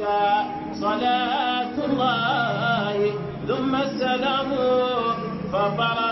عليك صلاة الله ثم السلام فبركاته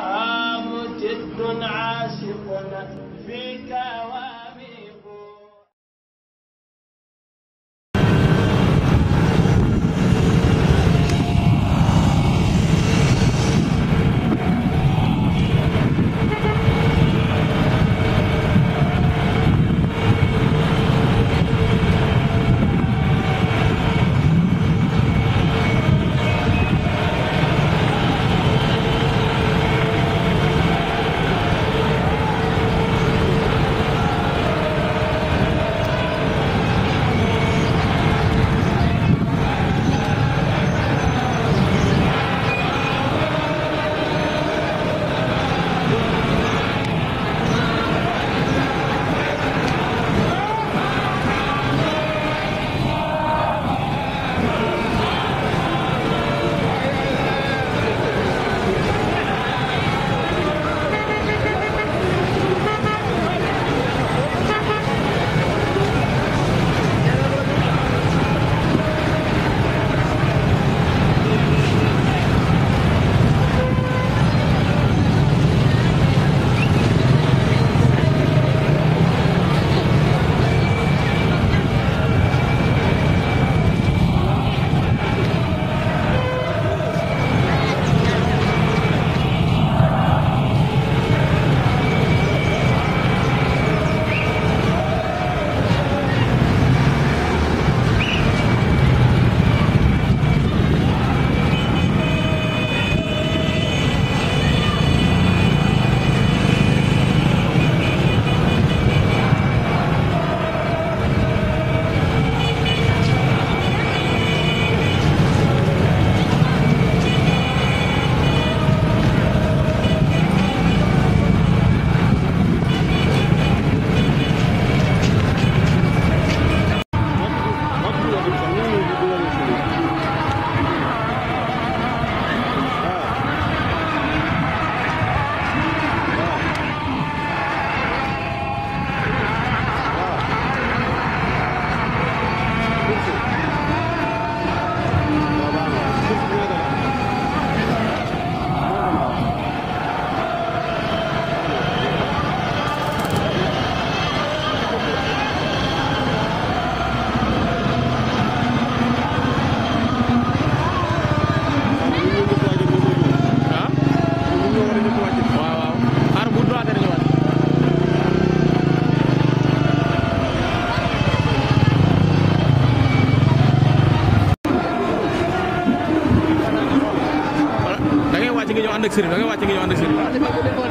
sëriñ da nga wàcc nga ñëw ànd ak sëriñ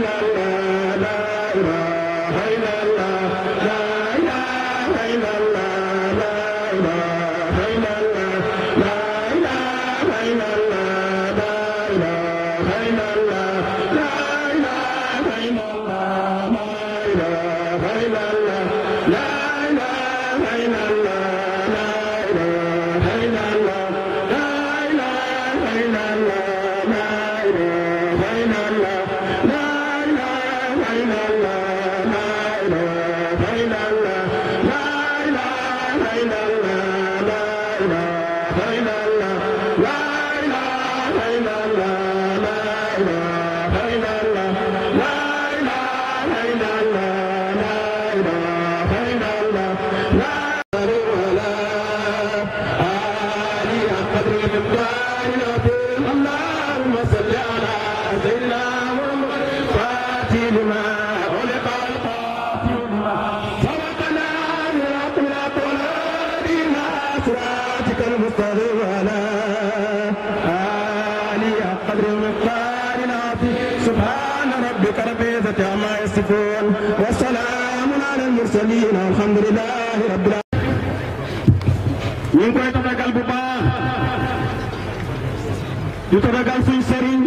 la la la ñu ngi koy tatagal bu baax di tatagal suñu sëriñ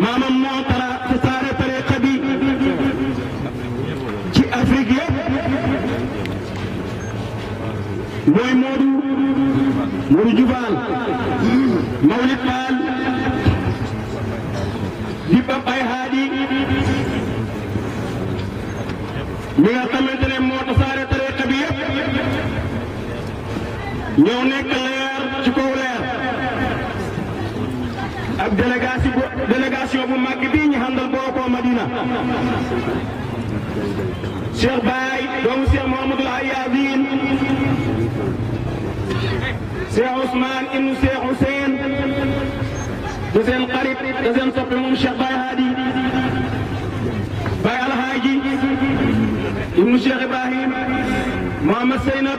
maamam moo tara ci saare tariqa bi ci Afrique yëpp mooy Moodu Moodu Jubaal Mawlid Baal di bab ay haadi mi nga xamante ne moo tasaare tariqa bi yëpp ñëw nekk leer ci kaw leer ak délégué ko Madina Cheikh Baye doomu Cheikh Mouhamadul Ayadin Cheikh Ousmane ibnu Cheikh Hussein da seen xarit da seen soppi moom Cheikh Baye Hadi Baye Alhaaji ibnu Cheikh Ibrahim Mohamed Seynab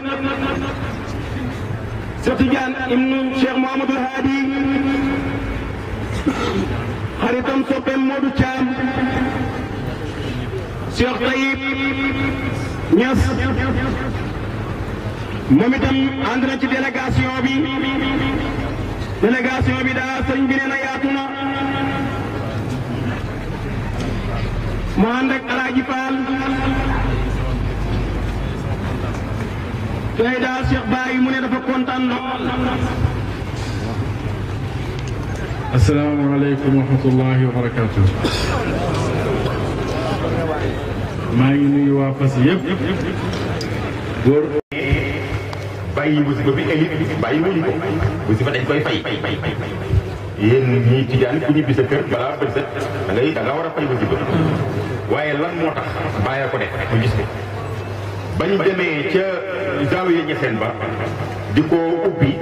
Cheikh Tidiane ibnu Cheikh Mouhamadul Hadi xaritam soppeem Modou Thiam Cheikh Tayib Niass moom na ci délégation bi délégation bi daal sëñ bi nee na yaatu na Alaaji Faal tey daal Cheikh Baye mu ne dafa kontaan asalaamaaleykum wa rahmatullahi wa barakaatu. maa ngi nuyu waa Fass yëpp. góor. bàyyi musiba bi élite bàyyi wuñu ko musiba dañ koy fay. yéen ñii tijaan ku ñibbi sa kër balaa bët set da ngay da nga war a fay musiba. waaye lan moo tax bàyyi ko def mu gis ko. ba ñu demee ca zaawiya ñeseen ba. di ko ubbi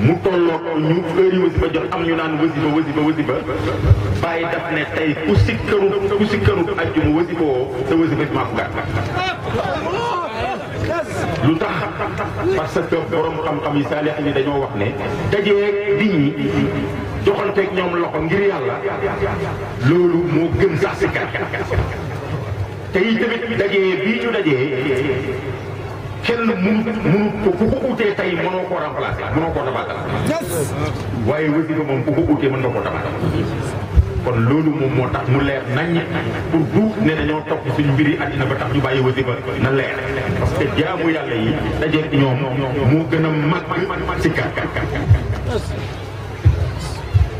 mu tolloog ñu heure wasifa jot am ñu naan wasifa wasifa wasifa bàyyi daf ne tey ku sikkaru ku sikkaru ajjuma wasifa woo wasifa si maa ko lu tax parce que borom xam-xam yi saalix yi dañoo wax ne dajeeg di ñi joxanteeg ñoom loxo ngir yàlla loolu moo gën sax si gàtt te yi tamit dajee bii ñu dajee kenn mënut mënut ko ku ko utee tey mënoo koo remplacé mënoo koo tabaatal. waaye wasifa moom ku ko utee mën nga koo tabaatal. kon loolu moom moo tax mu leer nañ pour du ne dañoo topp suñu mbiri na ba tax ñu bàyyi wasifa na leer parce que jaamu yàlla yi dajeeg ñoom moo gën a mag si kàkk.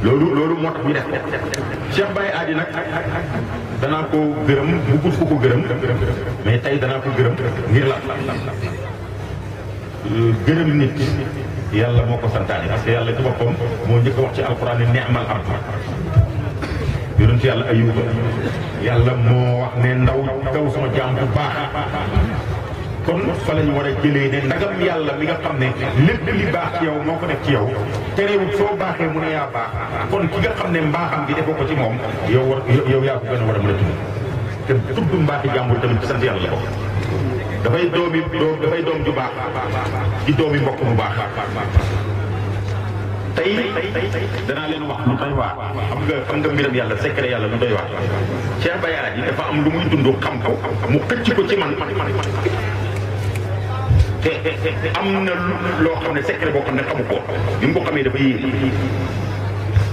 loolu loolu moo tax ñu def ko Cheikh Baye Adi nag danaa ko gërëm bugut ko ko gërëm mais tey danaa ko gërëm ngir la euh, gërëm nit yàlla moo ko santaane parce que yàlla ci boppam moo njëkk wax ci alquran ne ñu abd yonent yàlla ayuba yàlla moo wax ne ndaw taw sama jaam bu baax kon fa la ñu war a jëlee ne ndagam yàlla mi nga xam ne lépp li baax ci yow moo ko def ci yow terewul soo baaxee mu ne yaa baax kon ki nga xam ne mbaaxam gi defoo ko ci moom yow war yow yaa ko gën a war a mën a tudd te tudd mbaaxi jàmbur tamit sant yàlla la ko dafay doomi doom dafay doom ju baax ci doomi mbokk mu baax tey danaa leen wax lu doy waar xam nga xam nga mbiram yàlla secret yàlla lu doy waar Cheikh Baye Aladji dafa am lu muy dund xam ko mu xëcc ko ci man am na loo xam ne secret boo xam ne xamu ko bi mu ko xamee dafa yéex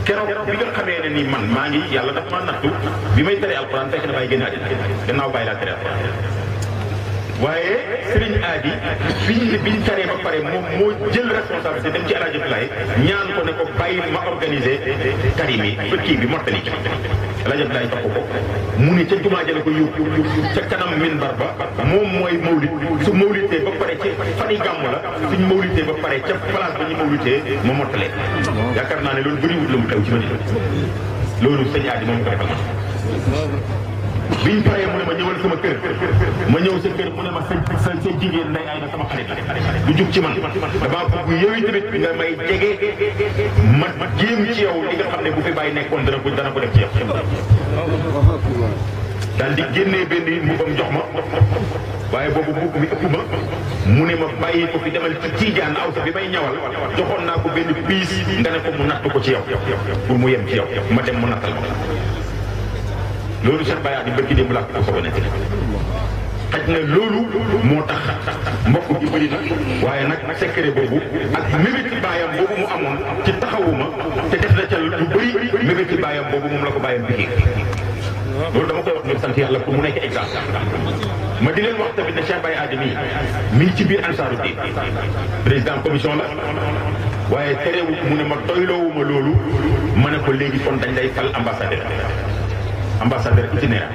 keroog bi nga xamee ne ni man maa ngi yàlla dafa maa nattu bi may tere alxuraan fekk na bàyyi génn àddina gannaaw bàyyi laa tere alxuraan waaye Serigne Adi biñ biñ taree ba pare moom moo jël responsabilité dem ci El Hadj Abdoulaye ñaan ko ne ko bàyyi ma organiser tari mi kii bi mottali ci El Hadj Abdoulaye topp ko mu ne ca jumaa jële ko yóbbu ca kanam minbar ba moom mooy mawlit su mawlitee ba pare ci fan yi la suñ mawlitee ba pare ca place ba ñu mawlitee ma mottalee yaakaar naa ne loolu bëriwut la mu taw ci ma loolu sëñ Adi moom ko defal ma biñ paree mu ne ma ñëwal sama kër ma ñëw sa kër mu ne ma sa jigéen nday ay na sama xarit du jug ci man damaa bëgg nga may jege ma jéem ci yow li nga bu fi bàyyi nekkoon dana ko dana ko def ci yow daal di génnee benn yi mbubbam jox ma waaye boobu mbubb mi ma mu ne ma bàyyi ko fi demal ci tiijaan aw sa bi may ñawal ko benn piis nga ne ko mu natt ma dem mu nattal ko loolu Cheikh Baye di bëgg démb laa ko ko nekk xaj na loolu moo tax mbokk bi bëri na waaye nag secret boobu ak mébét baayam boobu mu amoon ci taxawuma te def na ca lu bëri mébét ci baayam boobu moom la ko baayam dama koy wax ngir sant yàlla pour mu nekk exemple ma di leen wax tamit ne Cheikh Baye Adimi ci biir ansaaru diin président commission la waaye terewul mu ne ma doyloowuma loolu ma ne ko léegi kon dañ lay fal ambassadeur ci itinéraire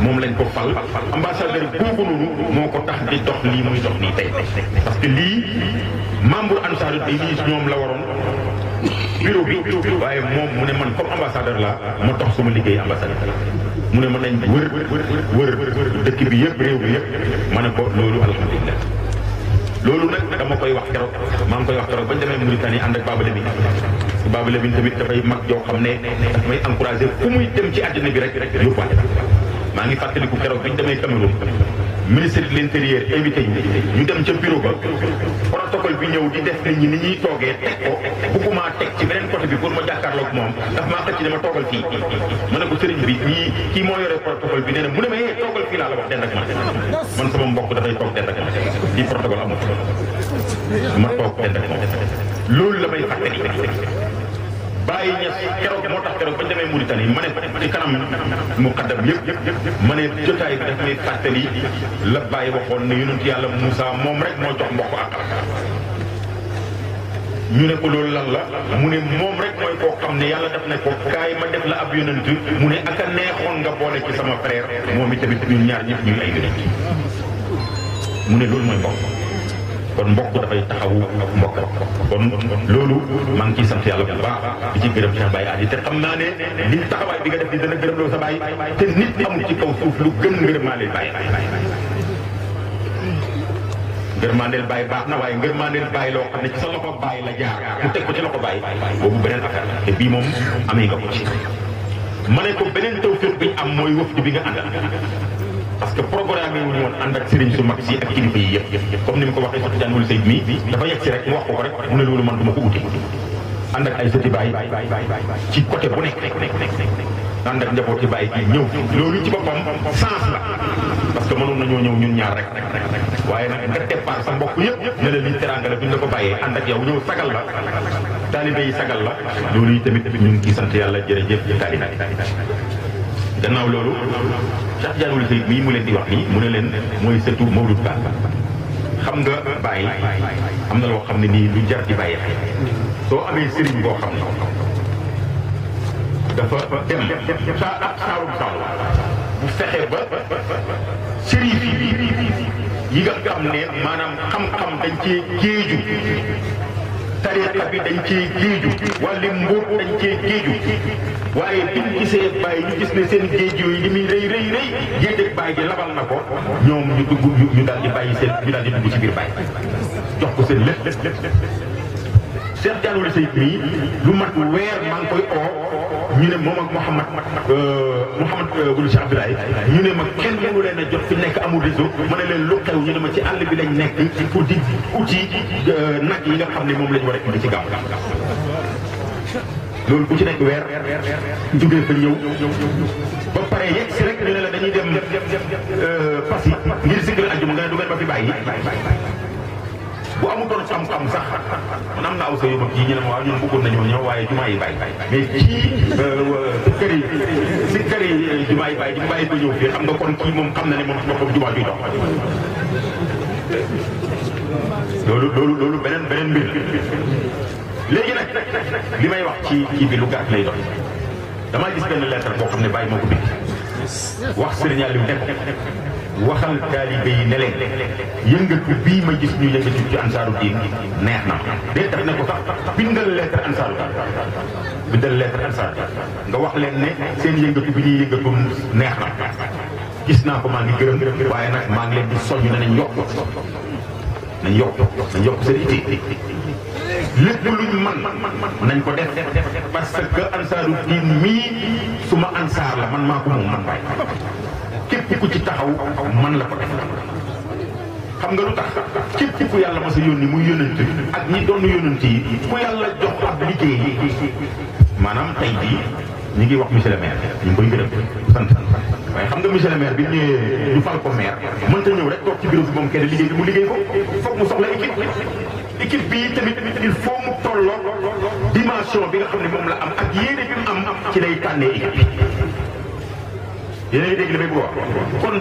moom lañ ko fal ambassadeur boobu noonu moo ko tax di dox lii muy dox nii tey parce que lii membre Ansaarud Din lii ñoom la waroon bureau bi waaye moom mu ne man comme ambassadeur la ma dox sama liggéey ambassadeur mu ne man nañ wër wër dëkk bi yëpp réew bi yëpp ma ne ko loolu alhamdulilah loolu nag dama koy wax keroog maa ngi koy wax keroog bañ demee Mauritanie ànd ak Baba Lamine Baaba Lamin tamit dafay mag joo xam ne daf may encouragé fu muy dem ci àddina bi rek yóbbaale maa ngi fàttaliku keroog bi ñu demee Cameroun ministre de l'intérieur ñu dem ca bureau ba protocole bi ñëw di def ñi ni ñuy toogee teg ko bëgguma teg ci beneen côté bi pour ma jàkkaarloog moom ndax maa xëcc dama toogal fii ma ne ko sëriñ bi ñii kii moo yore protocole bi nee na mu ne ma eh, toogal fii laa la wax man man sama mbokk dafay toog den ak man lii protocole amul ma toog den ak loolu la may fàttali bàyyi ñes keroog moo tax keroog bañ demee Mauritanie ma ne ci kanam muqaddam yëpp ma ne jotaay bi daf may fàttali la bàyyi waxoon ne yonent yàlla Moussa moom rek moo jox mbokk ak ñu ne ko loolu lan la mu ne moom rek mooy ko xam ne yàlla def na ko kaay ma def la ab yonent mu ne ak neexoon nga boole ci sama frère moom itamit ñun ñaar ñëpp ñuy ay yonent mu ne loolu mooy mbokk kon mbokk dafay taxawu mbokk kon loolu maa ngi ciy sant yàlla bu baax di ci gërëm Cheikh Baye Adi te xam naa ne li taxawaay bi nga def di dana gërëm loo sa baay te nit amul ci kaw suuf lu gën ngërëmaandeel Baye. ngërëmaandeel Baye baax na waaye ngërëmaandeel Baye loo xam ne ci sa loxo Baye la jaar ku teg ko ci loxo Baye boobu beneen affaire te bii moom amee nga ko ci. ma ne ko beneen tawféex bi am mooy wëf bi nga àndal. parce que programme yi ñu woon ànd ak sëriñ su mag si ak kilifa yi yëpp comme ni mu ko waxee Cheikh Tidiane Wulu Seyd mii dafa yegg si rek mu wax ko ko rek mu ne loolu man du ko uti ànd ak ay sëti baay ci côté bu nekk ànd ak njabooti baay gi ñëw loolu ci boppam sens la parce que mënoon nañoo ñëw ñun ñaar rek waaye nag nga départ sa mbokk yëpp ne la lii teraanga la buñ la ko bàyyee ànd ak yow ñëw sagal la taalibe sagal la loolu gannaaw loolu Cheikh Tidiane Wulu Seydi mii mu leen di wax nii mu ne leen mooy sëtu Mawlud Ba xam nga bàyyi am na loo xam ne nii lu jar di bàyyi soo amee sëriñ boo xam ne dafa dem saa bu fexe ba sëriñ yi nga xam ne maanaam xam-xam dañ cee géeju tariqa bi dañ cee géeju wala mbuur dañ cee géeju waaye bi ñu gisee bàyyi ñu gis ne seen géej yooyu li muy rëy rëy rëy géej ak bàyyi gi labal na ko ñoom ñu dugg ñu daal di bàyyi seen ñu daal di ci biir bàyyi jox ko seen lépp. Cheikh Diallo la say mii lu mat weer maa ngi koy oo ñu ne moom ak Mouhamad euh, Mouhamad Wulu euh, Cheikh Abdoulaye ñu ne ma kenn mënu leen a jot fi nekk amul réseau ma ne leen lu xew ñu ne ma ci àll bi lañ nekk pour di ci euh, nag yi nga xam ne moom lañ war a indi ci gàmm loolu bu ci nekk weer jugee fa ñëw ba pare yegg si rek ne la dañuy dem Passy ngir sikkal ajjuma nga ne du ngeen ma fi bàyyi bu amutoon xam-xam sax man am na aw sa yóbbu kii ñu ne ma waaw ñun bëggoon nañoo ñëw waaye jumaa yi bàyyi mais kii euh, kër yi si kër yi euh, jumaa yi bàyyi di mu bàyyi ko ñëw fii xam nga kon kii moom xam na ne moom boppam jumaa juy dox loolu loolu loolu beneen beneen mbir léegi nag li may wax ci kii bi lu gàtt lay dox damaa gis benn lettre boo xam ne bàyyi moo ko bind wax Serigne Aliou ne waxal taalibe yi ne leen yëngatu bii ma gis ñu yëngatu ci ansaaru diin neex na dee def na ko sax bindal lettre ansaaru bindal lettre ansaaru nga wax leen ne seen yëngatu bi ñuy yëngatu neex na gis naa ko maa ngi gërëm waaye nag maa ngi leen di soññ ne nañ yokk nañ yokk nañ yokk seen itti lépp luñ man nañ ko def parce que ansaaru diin mii suma ansaar la man maa ko moom man bàyyi képp ku ci taxaw man la ko def xam nga lu tax képp ku yàlla mas a yónni muy yónent bi ak ñi doon yónent yi ku yàlla jox ab liggéey maanaam tey jii ñu ngi wax monsieur le maire ñu ngi koy gërëm sant waaye xam nga monsieur le maire bi ñëwee ñu fal ko maire mënta ñëw rek toog ci bureau bi moom kenn liggéey bi mu liggéey ko foog mu soxla équipe équipe bii tamit il faut mu tolloo dimension bi nga xam ne moom la am ak yéene bi mu am ci lay tànnee équipe yéenay dégg li may wax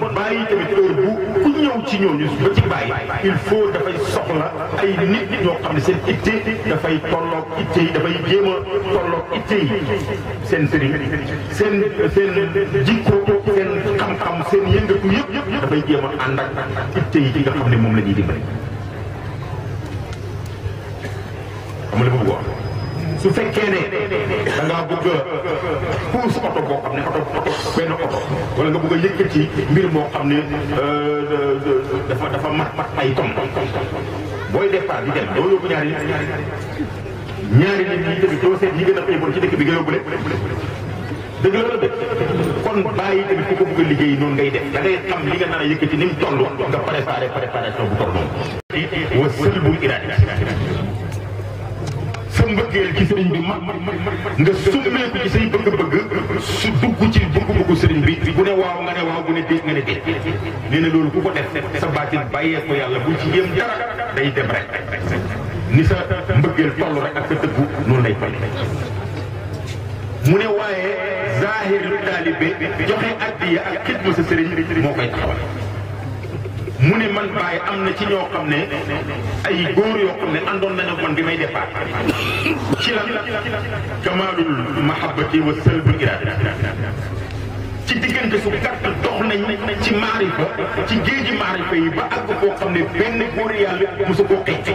kon bàyyi tamit heure bu ku ñëw ci ñooñu ba ci bàyyi il faut dafay soxla ay nit ñoo xam ne seen itte dafay tolloog itte yi dafay jéem a tolloog itte yi seen sëriñ seen seen jikko seen xam-xam seen yëngatu yëpp dafay jéem a ànd ak itte yi ci nga xam ne moom la ñuy dimbali xam su fekkee ne da ngaa bëgg su puus oto boo xam ne oto benn oto wala nga bëgg a yëkkati mbir moo xam ne euh, dafa dafa mat mat ay tom booy départ di dem doo yóbbu ñaari ñaari nit ñi tamit doo seet ñi gën a xëy bon ci dëkk bi nga yóbbu dëgg kon bàyyi tamit ku ko bëgg a liggéey noonu ngay def da ngay xam li nga nar a yëkkati ni mu toll nga préparé préparation bu toll noonu. wa sëlbul iraadi mbëggeel ci sëriñ bi mat nga summeeku ci say bëgg-bëgg su dugg ci bëgg-bëggu sëriñ bi bu ne waaw nga ne waaw bu ne déet nga ne déet nee na loolu ku ko def sa baatin bàyyee ko yàlla bu ci yëm dara day dem rek ni sa mbëggeel toll rek ak sa dëggu noonu lay toll mu ne waaye zaahir lu taalibe joxe addiya ak xidma sa sëriñ moo koy taxawal mu ne man bàyyi am na ci ñoo xam ne ay góor yoo xam ne àndoon nañu man bi may départ ci la kamaalul mahabbati wa salbul irada ci diggante su gàtt dox nañ ci maarifa ci géeji maarifa yi ba àgg koo xam ne benn góor yàlla mosu koo xeex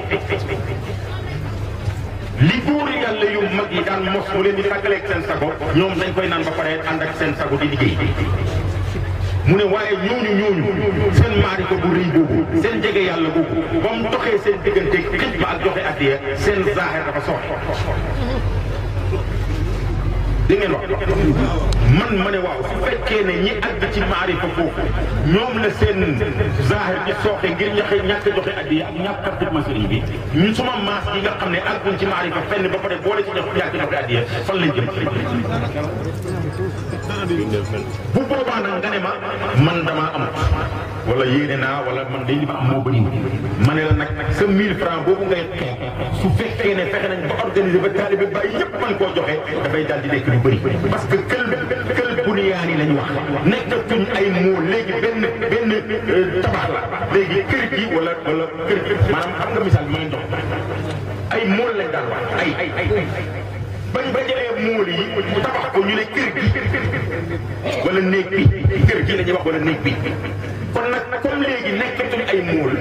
li góor yàlla yu mag yi daan mos mu leen di tàggaleeg seen sago ñoom dañ koy naan ba pare ànd ak seen sago di liggéey mu ne waaye ñooñu ñooñu seen maarifa gu rëy boobu seen jege yàlla boobu ba mu doxee seen diggante xij ba ak joxe addiya seen zaaxir dafa soxla di ngeen wax man ma ne waaw su fekkee ne ñi àgg ci maarifa foofu ñoom la seen zahir bi sooxe ngir ñaxe ñàkk joxe addi ak ñàkk a dugg sëriñ bi ñu maas yi nga xam ne àgguñ ci maarifa fenn ba pare boole ci jox ñàkk joxe addi fan lañ jëm bu boobaa nag nga ma man damaa am wala yéene naa wala man lii li ma am moo bëriwul ma ne la nag sa 1000 francs boobu ngay xeex su fekkee ne fexe nañ ba organiser ba taalibe bàyyi yëpp mën koo joxe dafay daal di nekk lu bëri parce que kël kël buniyaan yi lañ wax nekkatuñ ay moo léegi benn benn euh, tabax la léegi kër gi wala wala kër gi maanaam ay mool lañ daal wax ay ay ay ba jëlee mool yi tabax ko ñu ne kër gi wala néeg bi kër gi la ñuy wax wala néeg bi kon nag comme léegi nekkatuñu ay muul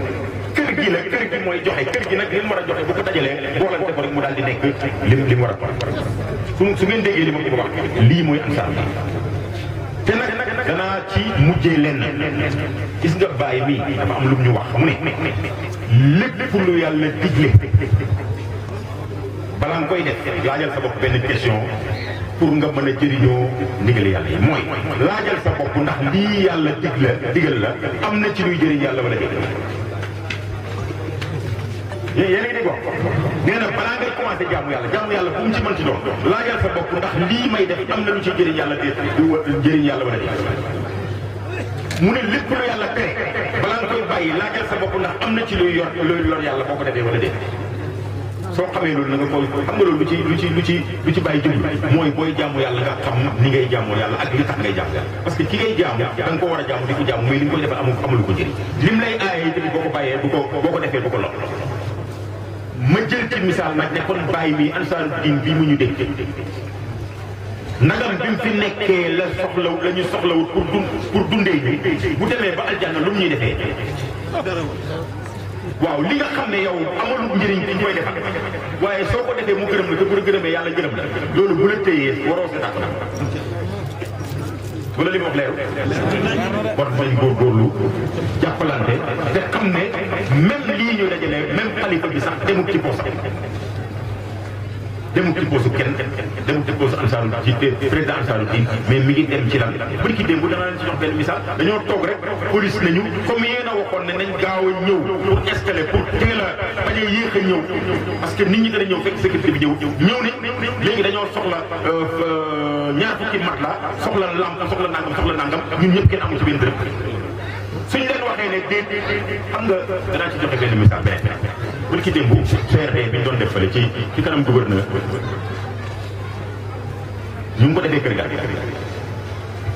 kër gi la kër gi mooy joxe kër gi nag li war a joxe bu ko dajalee boolante ko rek mu daal di nekk li li mu war a su su ngeen déggee li ma ko wax lii mooy ansaar te nag danaa ci mujjee lenn gis nga bàyyi mi dama am lu ñu wax mu ne lépp lu yàlla digle balaa nga koy def laajal sa bopp benn question pour nga mën a jëriñoo ndigal yàlla yi mooy laajal sa bopp ndax lii yàlla dig la digal la am na ci luy jëriñ yàlla wala dé yéen yéen a ngi dégg wax nee na balaa yàlla jaamu yàlla bu mu ci mën ci doon laajal sa ndax lii may def am na yàlla déet du yàlla wala mu ne lépp lu yàlla tere balaa nga koy bàyyi laajal sa bopp ndax am na ci luy yor luy lor yàlla boo ko defee wala déet soo xamee loolu na nga koy xam nga loolu lu ci lu ci lu ci bàyyi jëm mooy booy jaamu yàlla nga xam ni ngay jaamoo yàlla ak li tax ngay jaamu parce que ki ngay jaamu da a jaamu ko jaamu mais li nga koy defal amul amul ko jëriñ lim lay aayee tamit boo ko bàyyee bu ko boo ko defee bu ko lor ma jël ci misaal nag ne kon bàyyi mi ansaaru diin bi mu ñu dégg nagam bi mu fi nekkee la soxlaw la ñu soxlawut pour pour dundee bi bu demee ba aljanna lu mu ñuy defee waaw li nga xam ne yow amalu njëriñ dañ koy defal waaye soo ko defee mu gërëm la te bu la gërëmee yàlla gërëm la loolu bu la téyee waroo seetaan wala li ma wax leeru war nañ góorgóorlu jàppalante te xam ne même lii ñu dajale même xalifa bi sax demul ci poosam demul ci poosu kenn demul ci poosu ansaaru ci président ansaaru diin mais mi ngi dem ci lan bari ki démb dana leen ci jox benn misaal dañoo toog rek police nañu comme yéen a waxoon ne nañ gaaw a ñëw pour escaler pour teel a bañ a ñëw parce que nit ñi dana ñëw fekk sécurité bi ñëw ñëw ne léegi dañoo soxla euh, ñaar fukki mat la soxla lamp soxla nangam soxla nangam ñun ñëpp kenn amul ci benn dërëm suñ leen waxee ne déet xam nga danaa ci joxe benn misaal benn bu ki démb bi ñu doon def fële ci ci kanam gouverneur ñu ngi ko defee kër ga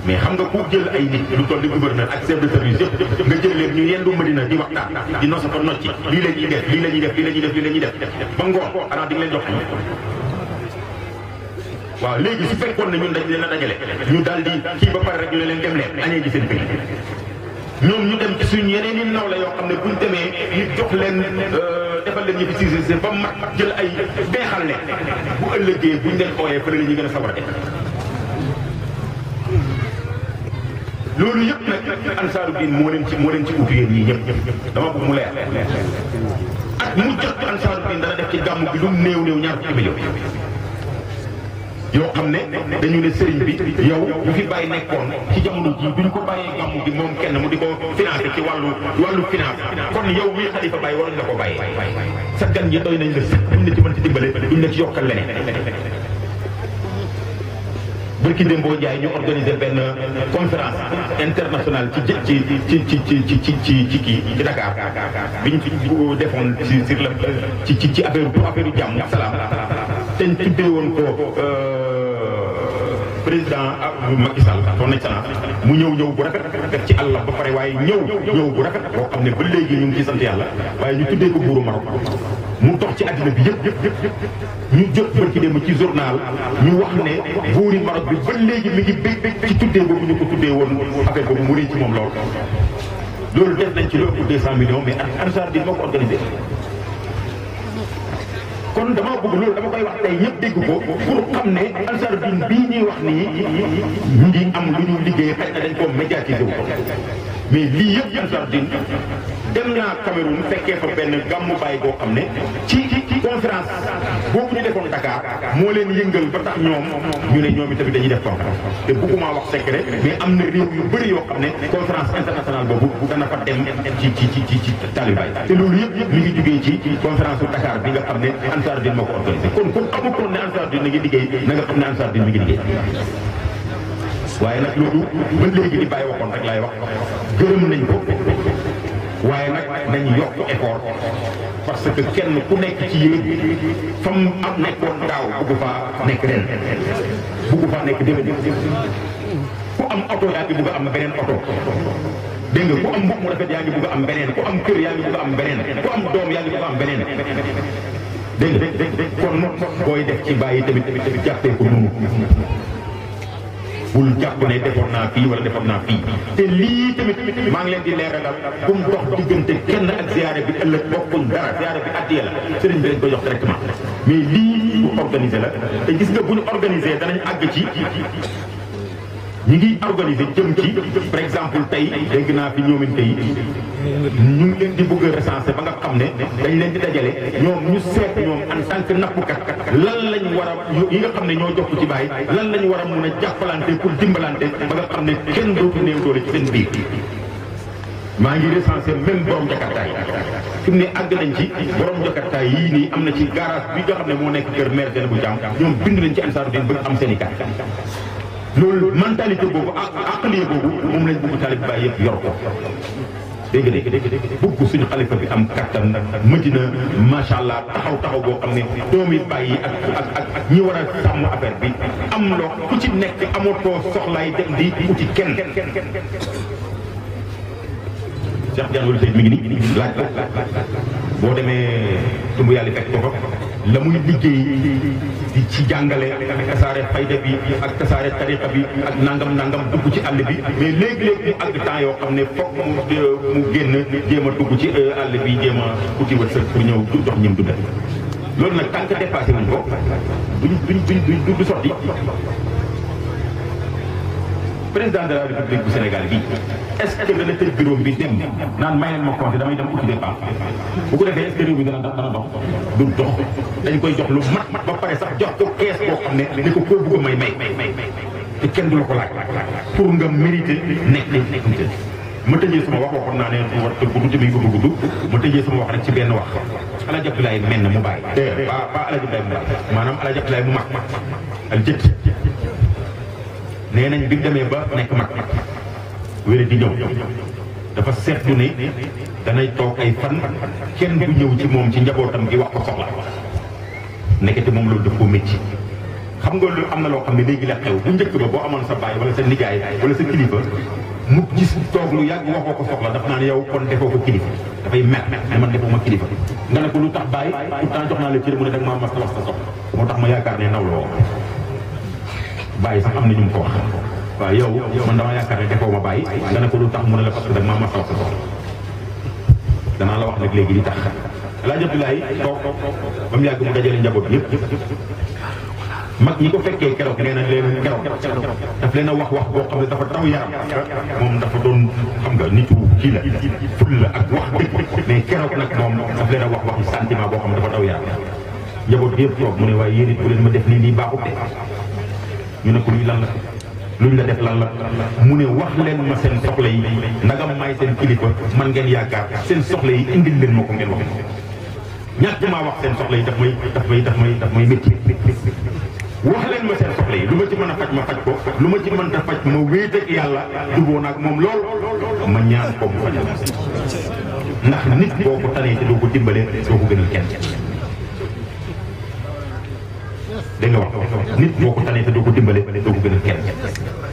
mais xam nga ku jël ay nga jël leen ñu yendu Medina di waxtaan di nosa ko nocci lii la def lii la ñuy def lii ñuy def lii la ñuy def ba ngoon xanaa di leen jox waaw léegi su fekkoon ne ñun dañ leen a dajale ñu daal di kii ba pare rek ñu leen dem añee ji seen bëgg ñoom ñu dem suñ yeneen i naw la yoo xam ne buñ demee ñu jox leen euh, defal leen ñu fi sise ba mag jël ay beexal ne bu ëllëgee buñ leen xooyee fële la ñu gën a sawar loolu yëpp nag ansaaru diin moo leen ci moo leen ci ut yéen ñii ñëpp dama bëgg mu leer at mu jot ansaaru diin dana def ci gàmm bi lu néew néew ñaar fukki million yoo xam ne dañu ne sëriñ bi yow bu fi bàyyi nekkoon ci jamono jii bi ko bàyyee gàmmu gi moom kenn mu di ko financé ci wàllu wàllu finance kon yow mii xalifa bàyyi waruñ la ko bàyyi sa gan yi doy nañ la sëkk duñ la ci mën ci dimbale duñ la ci yokkal leneen bërki démboo Njaay ñu organisé benn conférence internationale ci ci ci ci ci ci ci ci ci Dakar bi ñu fi defoon ci sur la ci ci ci affaire pour affaire jàmm salaam te ñu tuddee woon ko président ah, Macky Sall son excellence mu ñëw ñëw bu rafet def ci àllah ba pare waaye ñëw ñëw bu boo xam ne ba léegi ñu ngi ci sant yàlla waaye ñu tuddee ko buuru Maroc mu dox ci àddina bi yëpp yëpp yëpp ñu jot bërki dem ci journal ñu wax ne buuri Maroc bi ba léegi mi ngi bég bég ci tuddee boobu ñu ko tuddee woon affaire boobu mu rëy ci moom lool loolu def nañ ci lu ëpp 200 millions mais ak Ansar bi moo ko organisé kon dama bëgg loolu dama koy wax tey ñëpp dégg ko pour xam ne Ansarudine bii ñuy wax nii ñu ngi am lu ñu liggéey xëy na dañ koo médiatiser wu ko mais lii yëpp Ansarudine dem naa Cameroun fekkee fa benn gàmmu bàyyi boo xam ne ci conférence boobu ñu defoon Dakar moo leen yëngal ba tax ñoom ñu ne ñoom itamit dañuy def ko te bëgguma yu bëri yoo xam ne conférence internationale boobu dana fa dem ci ci ci ci ci talibaay te loolu yëpp mi ngi jugee ci conférence kon ne Ansar Dine mi ngi liggéey na nga xam ne Ansar Dine mi ngi liggéey waaye nag loolu ba léegi di bàyyi waxoon rek laay wax gërëm nañ ko waaye nag dañu yokk effort parce que kenn ku nekk ci yéen fa mu am nekkoon daaw bugg faa nekk ren bugg faa nekk déwén ku am oto yaa ngi bugg a am beneen oto dégg nga ku am mbubb mu rafet yaa ngi bugg a am beneen ku am kër yaa ngi bugg a am beneen ku am doom yaa ngi bugg a am beneen dégg nga kon booy def ci bàyyi tamit jàppee ko noonu bul jàpp ne defoon naa fii wala defoon naa fii te lii tamit maa ngi leen di leeralal bu mu dox diggante kenn ak ziare bi ëllëg bokkuñ dara ziare bi addiya la sëriñ bi dañ ko jox directement mais lii bu organisé la te gis nga bu ñu organisé danañ àgg ci ñi ngi organisé jëm ci par exemple tey dégg naa fi ñoominte yi ñu ngi leen di bëgg a ba nga xam ne dañ leen di dajale ñoom ñu seet ñoom en tant que nappkat lan lañ war a yi nga xam ne ñoo jokk ci bàyyi lan lañ war a mun a jàppalante pour dimbalante ba nga xam ne kenn dootu néew doole ci seen biir maa ngi recensé même borom jakartaay fi mu ne àgg nañ ci borom jakartaay yii nii am na ci garage bi nga xam ne moo nekk kër maire den bu jàmm ñoom bind nañ ci Ansaarud-Din bëgg am seen i loolu mentalité boobu ak aqliya boobu moom lañ bëgg taalib baay yëpp yor ko dégg nga bëgg suñu xalifa bi am kattan Madina macha allah taxaw taxaw boo am ne doomi bàyyi ak ak ak ñi war a sàmm affaire bi am loo ku ci nekk amatoo soxlaay dem di uti kenn. Cheikh Diagne wala tey mi ngi nii boo demee tumb yàlla fekk ko la muy liggéey di ci jàngale ak tasaare fayda bi ak tasaare tariqa bi ak nangam nangam dugg ci àll bi mais léegi-léegi mu temps yoo xam ne foog mu génn jéem a dugg ci euh, àll bi jéem a uti wërsëg pour ñëw jox ñëm du def loolu nag tant que dépassé wuñ ko duñ duñ duñ duñ du sotti président de la république bu Sénégal bi est dana tëj bureau bi dem naan may leen ma compté damay dem uti dépense bu ko defee est du dox dañ koy jox lu mat ba pare sax jox ko kees boo xam ne ni ko koo bëgg may may te kenn du la ko laaj pour nga mérité nekk nekk nit ma tëjee sama wax waxoon naa ne war tëb gudd te muy gudd ma tëjee sama wax rek ci benn wax Alaaji Abdoulaye menn mu bàyyi eh. ba ba Alaaji Abdoulaye maanaam Alaaji mu mag al nee nañ bi demee ba nekk mag wéri di ñëw dafa seetlu ne danay toog ay fan kenn du ñëw ci moom ci njabootam gi wax ko soxla nekkete moom loolu daf koo métti xam nga lu am na loo xam ne léegi la xew bu njëkk ba boo amoon sa baay wala sa nijaay wala sa kilifa mu lu yàgg waxoo ko soxla daf naan yow kon defoo ko kilifa dafay man defoo ma kilifa nga ne ko lu tax baay pourtant jox naa la cër mu ne dag maa mas ta wax sa soxla moo tax ma yaakaar ne naw la bàyyi sax am na ñu ko wax waaw yow man dama yaakaar ne defoo ma bàyyi nga ne ko lu tax mu ne la parce que dama ma xaw danaa la wax nag léegi li tax alaaji Abdoulaye toog ba mu yàgg mu dajale njaboot yëpp mag ñi ko fekkee keroog nee na leen keroog daf leen a wax wax boo xam ne dafa taw yaram moom dafa doon xam nga nitu kii la ful la ak wax dëgg mais keroog nag moom daf leen a wax waxi sentiment boo xam ne dafa taw yaram njaboot yëpp toog mu ne waaye yéen it bu leen def nii nii baaxut ñu ne ko luy lan lu ñu la def lan la mu ne wax leen ma seen soxla yi ndagam may seen kilifa man ngeen yaakaar seen soxla yi indi leen ma ko ngeen wax ñàkk maa wax seen soxla yi daf may daf may daf may daf may métti wax seen soxla yi lu ma ci mën a faj ma faj ko lu ma ci mën a faj ma wéet yàlla juboo naag moom lool ma ñaan ko mu fajal ndax nit boo ko tanee te doo ko dimbalee doo ko gënal kenn dégg nga wax nit boo ko tànnee te doo ko dimbale doo ko gën a kenn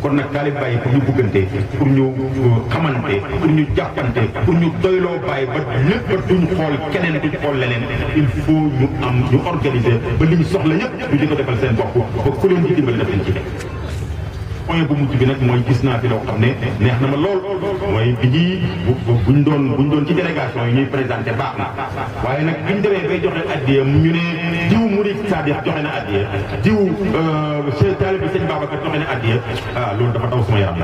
kon nag taalib bàyyi pour ñu buggante pour ñu euh, xamante pour ñu jàppante pour ñu doyloo bàyyi ba lépp ba duñ xool keneen duñ xool leneen il faut ñu am ñu organiser ba li ñu soxla yëpp ñu di ko defal seen bopp ba ku leen di dimbale daf leen ci point bu mujj bi nag mooy gis naa fi loo xam ne neex na ma lool mooy bi ñuy ñu doon bu ñu doon ci délégation yi ñuy présenté baax na waaye nag biñ demee bay joxe addiya ñu ne diw murid joxe na addiya diw sëñ taalibe sëñ Babacar joxe na addiya ah loolu dafa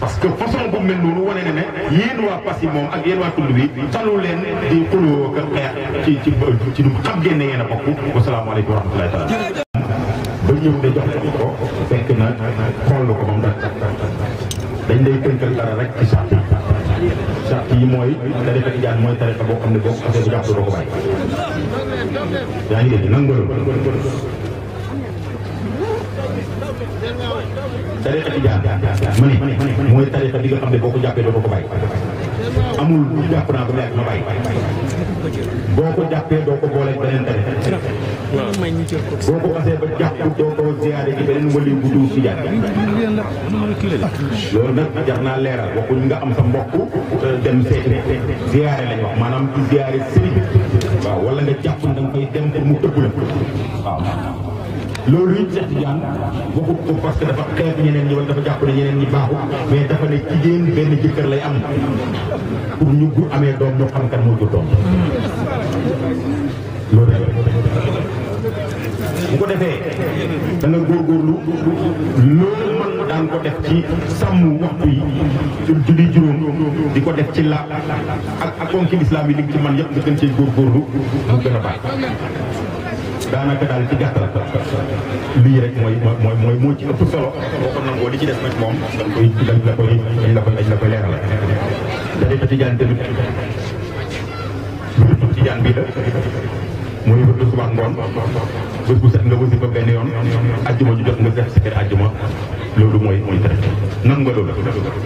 parce que façon bu mel noonu wane na ne yéen waa Passy moom ak yéen waa tund bi talu leen di xuloo ak xeex ci ci ci xam ngeen ne yéen a bokk wasalaamaaleykum wa rahmatullahi taala ñëw ne jox leen ko fekk na xool ko moom dañ dañ lay tënkal dara rek ci sart yi sart yi mooy tarixa tijaan mooy tarixa boo xam ne boo xasee bu jàpp doo ko bàyyi yaa ngi dégg nangu tarixa tijaan ma ne mooy tarixa bi xam ne boo ko jàppee doo ko bàyyi amul jàpp naa ko mais boo ko jàppee doo ko booleeg beneen tarixa waaw may ñu jël ko. boo ko xasee ba jàpp doo ko ziyaare ci beneen wëli bu dul si jàpp. loolu nag jar naa leeral waxuñ nga am sa mbokk dem seeti ziyaare lañ wax maanaam ci ziyaare sëriñ waaw wala nga jàpp da koy dem pour mu tëbb la waaw. loolu it Cheikh Tidiane waxut parce que dafa xeeb ñeneen jàpp ne ñeneen ñi baaxut mais dafa ne jigéen benn jëkkër lay pour ñu bu amee doom ñu xam kan moo jur doom loolu bu ko defee dana góorgóorlu loolu man mu daan ko def ci sàmm waxtu yi julli juróom di ko def ci la ak ak ponki lislaam yi li ci man yëpp nga gën cee góorgóorlu mu gën a baax daanaka daal ci gàttal lii rek mooy mooy mooy ci ëpp solo boo ko nangoo li ci des moom dañ koy dañ la koy dañ la koy dañ la koy leeral tariqa tijaan tamit tijaan bi la muy wërdu subax bés bu set nga wasifa benn yoon ajjuma ju jot nga def sa kër ajjuma loolu mooy mooy tarixa nan nga loolu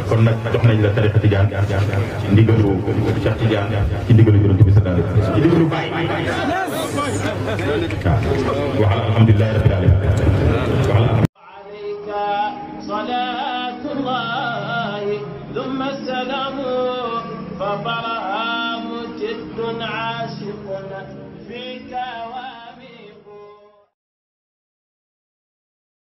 kon nag jox nañ la tarixa tijaan ci ndigalu Cheikh Tijaan ci ndigalu yonent bi sallallahu alayhi wasallam ci ndigalu Baay waaw waxal alhamdulilahi rabbil alamin waxal صلاة الله ثم السلام فطرها